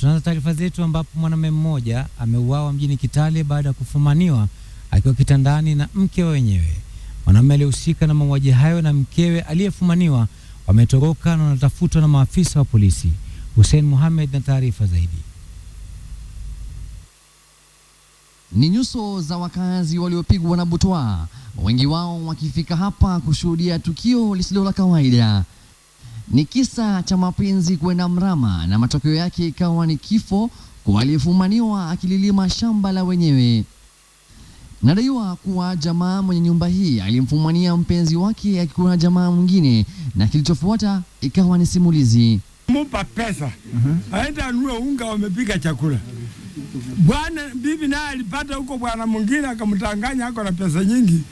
Tunaanza taarifa zetu ambapo mwanamume mmoja ameuawa mjini Kitale baada ya kufumaniwa akiwa kitandani na mke wa wenyewe. Mwanamume aliyehusika na mauaji hayo na mkewe aliyefumaniwa wametoroka na wanatafutwa na maafisa wa polisi. Hussein Mohamed na taarifa zaidi. Ni nyuso za wakazi waliopigwa na butwaa, wengi wao wakifika hapa kushuhudia tukio lisilo la kawaida. Ni kisa cha mapenzi kwenda mrama na matokeo yake ikawa ni kifo kwa aliyefumaniwa akililima shamba la wenyewe. Nadaiwa kuwa jamaa mwenye nyumba hii alimfumania mpenzi wake akikuwa na jamaa mwingine, na kilichofuata ikawa ni simulizi. Mupa pesa mhm. aenda anue unga, wamepika chakula. Bwana bibi naye alipata huko bwana mwingine, akamtanganya ako na pesa nyingi,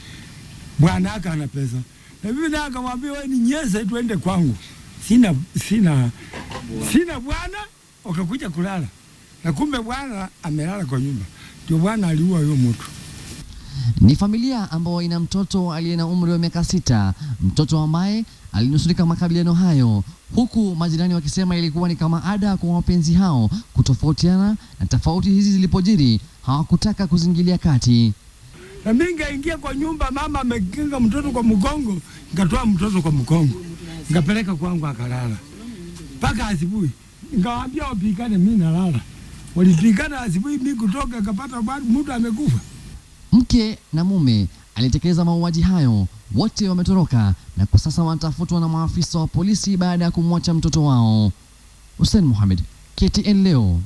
bwana aka ana pesa na bibi naye akamwambia, wewe ni nyeze, tuende kwangu sina, sina, sina bwana, wakakuja kulala na kumbe bwana amelala kwa nyumba, ndio bwana aliua huyo mtu. Ni familia ambayo ina mtoto aliye na umri wa miaka sita, mtoto ambaye alinusurika makabiliano hayo, huku majirani wakisema ilikuwa ni kama ada kwa wapenzi hao kutofautiana, na tofauti hizi zilipojiri hawakutaka kuzingilia kati. Na mimi ngaingia kwa nyumba, mama amekinga mtoto kwa mgongo, nikatoa mtoto kwa mgongo Nikapeleka kwangu akalala mpaka asubuhi. Nikawaambia wapigane, mimi nalala. Walipigana asubuhi, mi kutoka akapata mtu amekufa. Mke na mume alitekeleza mauaji hayo, wote wametoroka na kwa sasa wanatafutwa na maafisa wa polisi baada ya kumwacha mtoto wao. Hussein Mohamed, KTN leo.